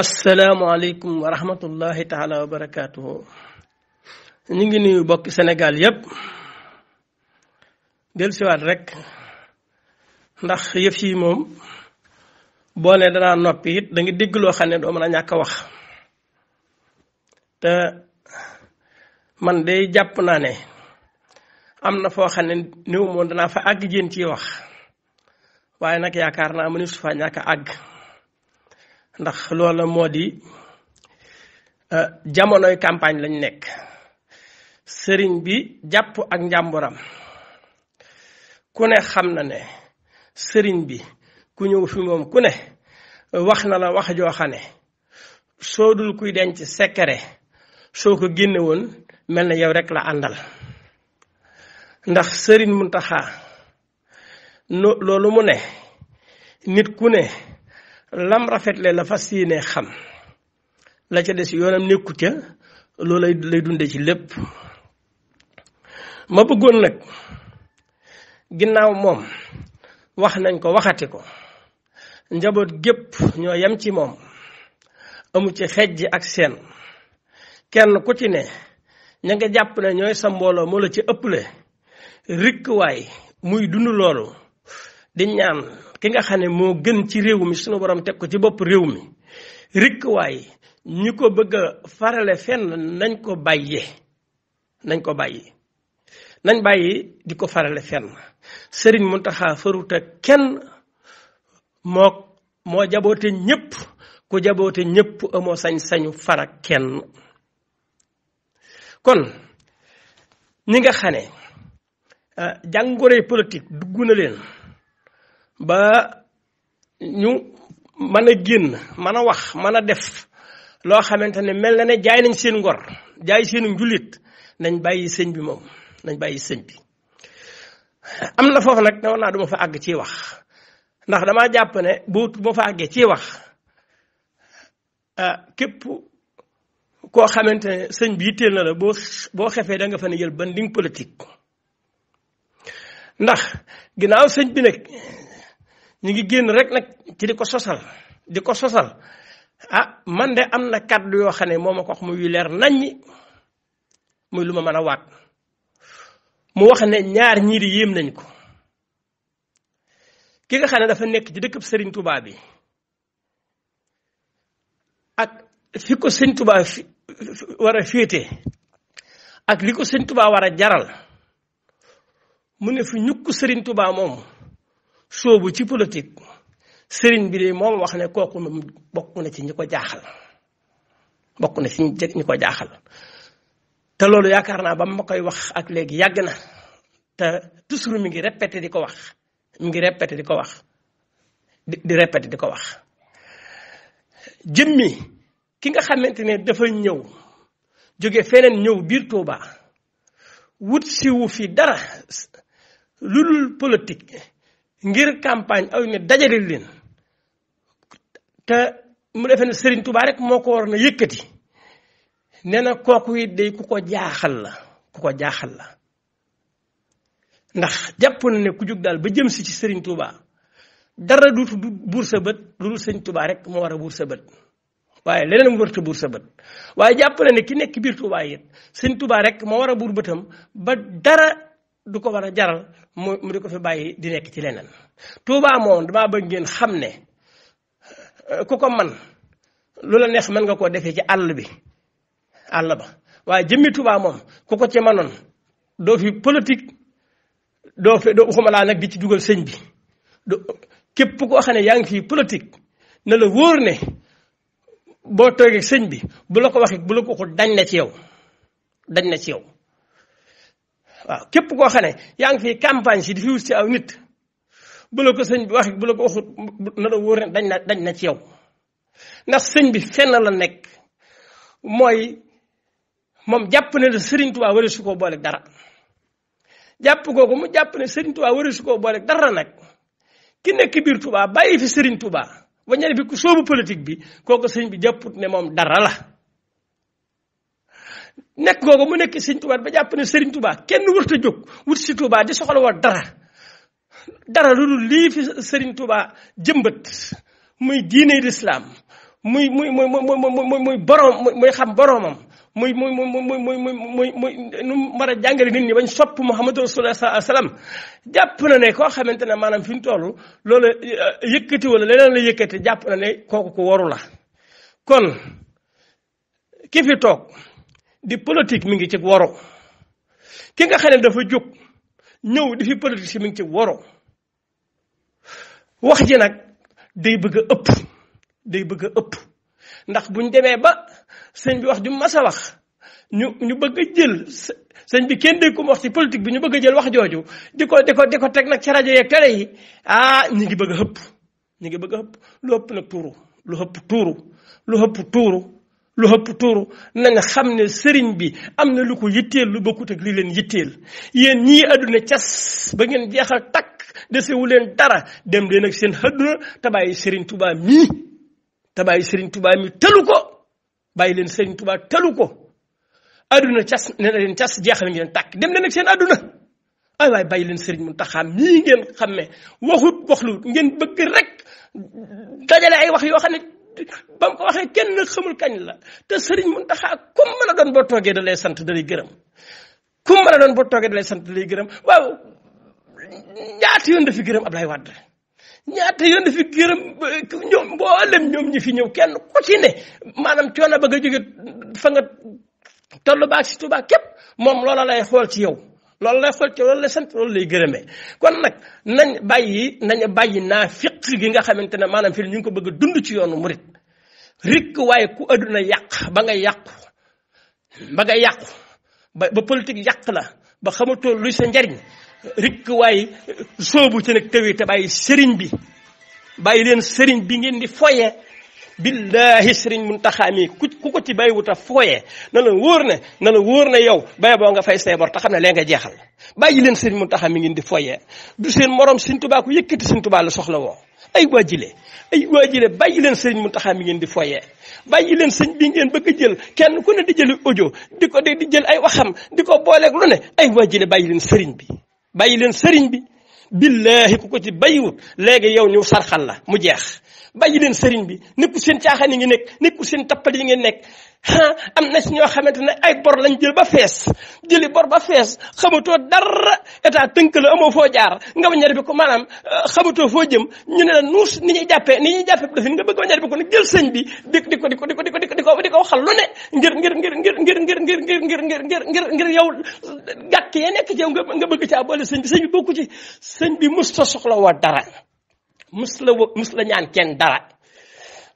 asalaamualeykum wa rahmatullahi taala wa barakaatuhu ñu ngi nuyu bokki Sénégal yépp dellusiwaat rek ndax yëf yi moom boo ne noppiit noppi déggloo xam ne doo mën na ñàkk a wax te man de jàpp naa ne am na foo xam ne néew moom danaa fa àgg jéen ciy wax waaye nag yaakaar naa mënu su fa ñàkk a àgg ndax loola moo di euh, jamonoy campagne lañ nekk sëriñ bi jàpp ak njàmburam ku ne xam na ne sëriñ bi ku ñëw fi moom ku ne wax na la wax joo xam ne soo dul kuy denc sekkere soo ko génnewoon mel na yow rekk la àndal ndax sëriñ Muntaxa no loolu mu ne nit ku ne lam rafetle la fas yéene xam la ca des yoonam nekku ca loolu lay lay dunde ci lépp ma bëggoon nag ginnaaw moom wax nañ ko waxati ko njaboot gépp ñoo yem ci moom amu ci xejj ak seen kenn ku ci ne ña nga jàpp ne ñooy sa mbooloo moo la ci ëpple rikk waay muy dund loolu di ñaan ki nga xam ne moo gën ci réew mi sunu borom teg ko ci bopp réew mi rikk waaye ñi ko bëgg a farale fenn nañ ko bàyyee nañ ko bàyyee nañ bàyyi di ko farale fenn sëriñ Muntaxa faruta kenn moo moo jaboote ñépp ko jaboote ñépp amoo sañ-sañu fara kenn kon ñi nga xam ne ah, jàngoree politique dugg na leen ba ñu mën a génn mën a wax mën a def loo xamante ne mel na ne jaay nañ seen ngor jaay seen njullit nañ bàyyi sëñ bi moom nañ bàyyi sëñ bi am na foofu nag ne war naa duma fa àgg ci wax ndax damaa jàpp ne bu ma fa àggee ci wax a ah, képp koo xamante ne sëñ bi yitteel na la boo xefee danga fan fa ne yël ban ligne ndax ginnaaw sëñ bi nag ñu ngi génn rek nag ci di ko sosal di ko sosal ah man de am na kàddu yoo xam ne moo ma ko wax muy leer naññi muy lu ma mën a waat mu wax ne ñaar ñiir yéem nañ ko ki nga xam ne dafa nekk ci dëkk sëriñ tubaab bi ak fi ko Serigne Touba féete ak li ko Serigne Touba war a jaral mu ne fi ñukk sëriñ tubaa moom. soobu ci politique sëriñ bi de moom wax ne kooku bokk na ci ñu ko jaaxal bokk na ci ñu ko jaaxal te loolu yaakaar naa ba ma koy wax ak léegi yàgg na te toujours mi ngi répété di ko wax mi ngi répété di ko wax di di di ko wax jëmmi ki nga xamante ne dafa ñëw jóge feneen ñëw biir Touba wut si wu fi dara lu dul politique. ngir campagne aw ne dajale leen te mu defee ne Serigne Touba rek moo ko waroon na yëkkati nee na kooku it day ku ko jaaxal la ku ko jaaxal la ndax jàpp ne ku jóg daal ba jëm si ci sëriñ Touba dara du buur sa bët lu dul Sëñ Touba rek moo war a buur sa bët waaye leneen mu wërta buur sa bët waaye jàpp na ki nekk biir Touba it rek moo war a buur bëtam ba dara. du ko war a jaral mu mu di ko fi bàyyi di nekk ci leneen Touba moom damaa bëgg ngeen xam ne euh, ku ko man lu la neex mën nga koo defee ci àll bi àll ba waaye jëmmi Touba moom ku ko ci manoon doo fi politique doo fi doo waxuma laa nag ci dugal sëñ bi du képp koo xam ne yaa ngi fi politique na la wóor ne boo toogee sëñ bi bu ko waxee bu la ko dañ na ci yow dañ na ci yow waaw képp koo xam ne yaa ngi fi campagne si di fi wut si aw nit bu ko sëñ bi wax bu ko waxut na la wóor ne dañ na dañ na ci yow ndax sëñ bi fenn la nekk mooy moom jàpp na la Serigne Touba wari su koo booleeg dara jàpp ko ko mu jàpp ne Serigne Touba wari su koo booleeg dara nag ki nekk biir tubaa bàyyi fi Serigne Touba waññale fi ku soobu politique bi kooku sëñ bi jàpput ne moom dara la. nekk googu mu nekk sëñ Touba ba jàpp ne Serigne Touba kenn wërta jóg wut si Touba di soxla woon dara dara lu dul lii fi Serigne Touba jëmbat muy diine lislaam muy muy muy muy muy borom muy xam boromam muy muy muy muy muy muy muy nu mu mën a jàngale nit ñi bañ sopp Muhammadu Rasulullah sallallahu alayhi wasallam jàpp na ne koo xamante ne maanaam fi mu toll loolu yëkkati wala leneen la yëkkati jàpp na ne kooku ko waru la kon ki fi toog. di politique mi ngi ci woro ki nga xam ne dafa jóg ñëw di fi politique si mi ngi ci woro wax ji nag day bëgg ëpp day bëgg a ëpp ndax buñ demee ba sëñ bi wax ju mas a wax ñu ñu bëgg a jël sëñ bi kenn dégg ko wax ci politique bi ñu bëgg a jël wax jooju di ko di ko di ko teg nag ci rajo yeeg télé yi ah ñu ngi bëgg a ëpp ñu ngi bëgg a ëpp lu ëpp nag tuuru lu ëpp tuuru lu ëpp tuuru na xam ne sëriñ bi am na lu ko yitteel lu bokkut ak li leen yitteel yéen ñii àdduna cas ba ngeen jeexal takk desewu leen dara dem leen ak seen àdduna te bàyyi sëriñ tubaa mii te bàyyi sëriñ tubaa mii tëlu ko bàyyi leen sëriñ tubaa talu ko àdduna cas nee na leen cas jeexal ngeen takk dem leen ak seen àdduna ay bay bàyyi leen sëriñ Muntaxa mii ngeen xam xamme waxut waxlu ngeen bëgg rek dajale ay wax yoo xam ne ba mu ko waxee kenn nag xamul kañ la te sëriñ Muntaxa ku mu mën a doon boo toogee da lay sant da lay gërëm ku mu mën a doon boo toogee da lay sant da gërëm waaw ñaata yoon dafi gërëm Ablaye Wade ñaata yoon dafi gërëm eh, ñoom mboolem ñoom ñi fi ñëw kenn ku ci ne maanaam coono ba nga jóge fanga nga tollu baag si Tuubaa képp moom loola lay xool ci yow loolu lay xool ci yow loolu lay sant loolu lay gërëmee kon nag nañ bàyyi nañ bàyyi naa fi risque gi nga xamante ne maanaam fii ñu ngi ko bëgg a dund ci yoonu murit rikk waaye ku àdduna yàq ba nga yàqu ba nga yàqu ba ba politique yàq la ba xamatoo luy sa njariñ rikk waaye soobu ci nag tawee te bàyyi sëriñ bi bàyyi leen sëriñ bi ngeen di foye billahi sëriñ Muntaxa mi ku ku ko ci bàyyi wut a fooyee na la wóor ne na la wóor ne yow bay boo nga fay say bor te xam ne lee nga jeexal bàyyi leen sëriñ Muntaxa mi ngeen di foyee du seen morom Sëriñ Tuubaa ku yëkkati Sëriñ Tuubaa soxla woo ay waajile ay waajile bàyyi leen sëriñ Muntaxa mi ngeen di foyee bàyyi leen sëñ bi ngeen bëgg a jël kenn ku ne di jël audio di ko di jël ay waxam di ko booleeg lu ne ay waajile bàyyi leen sëriñ bi bàyyi leen sëriñ bi billaahi ku ko ci bàyyiwut léegi yow ñu sarxal la mu jeex bàyyi leen sëriñ bi nekkul seen caaxaan yi ngi nekk nekkul seen tappal yi ngeen nekk ah am na si ñoo xamante ne ay bor lañ jël ba fees jëli bor ba fees xamatoo dara état tënk la amoo foo jaar nga ñaar bi ko maanaam xamatoo foo jëm ñu ne la nuus ni ñuy jàppee ni ñuy jàppee bu defin nga bëgg waññari bi ko nag jël sëñ bi di di ko di ko di ko di ko di ko di ko waxal lu ne ngir ngir ngir ngir ngir ngir ngir ngir ngir ngir ngir ngir yow gàkk ya nekk ci yow nga bëgg caa boole sëñ bi sëñ bi bokku ci sëñ bi mos ta soxla woo dara mus la mus la ñaan kenn dara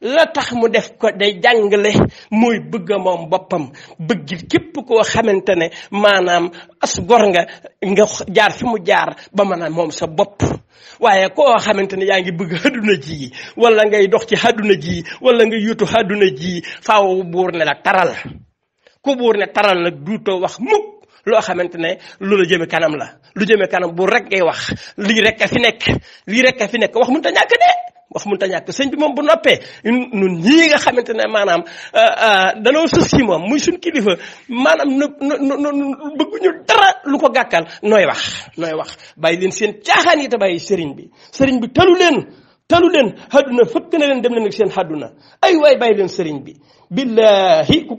la tax mu def ko day jàngale mooy bëgg a moom boppam bëgg képp koo xamante ne maanaam as gor nga nga jaar fi mu jaar ba mën a moom sa bopp waaye koo xamante ne yaa ngi bëgg àdduna ji wala ngay dox ci àdduna ji wala ngay yutu àdduna ji faw buur ne la taral ku buur ne taral nag duutoo wax mukk loo xamante ne lu la jëme kanam la lu jëme kanam bu rek ngay wax lii rek a fi nekk lii rek a fi nekk wax mënut ta ñàkk de wax mënut a ñàkk sëñ bi moom bu noppee ñun ñii nga xamante ne maanaam euh, euh, daloo sës moom muy suñ kilifa maanaam nu nu bëgguñu dara lu ko gàkkal nooy wax nooy wax bàyyi leen seen caaxaan yita bay sëriñ bi sëriñ bi talu leen talu leen xadduna fëkk na leen dem leen ak seen xadduna ay waay bàyyi leen sëriñ bi billahi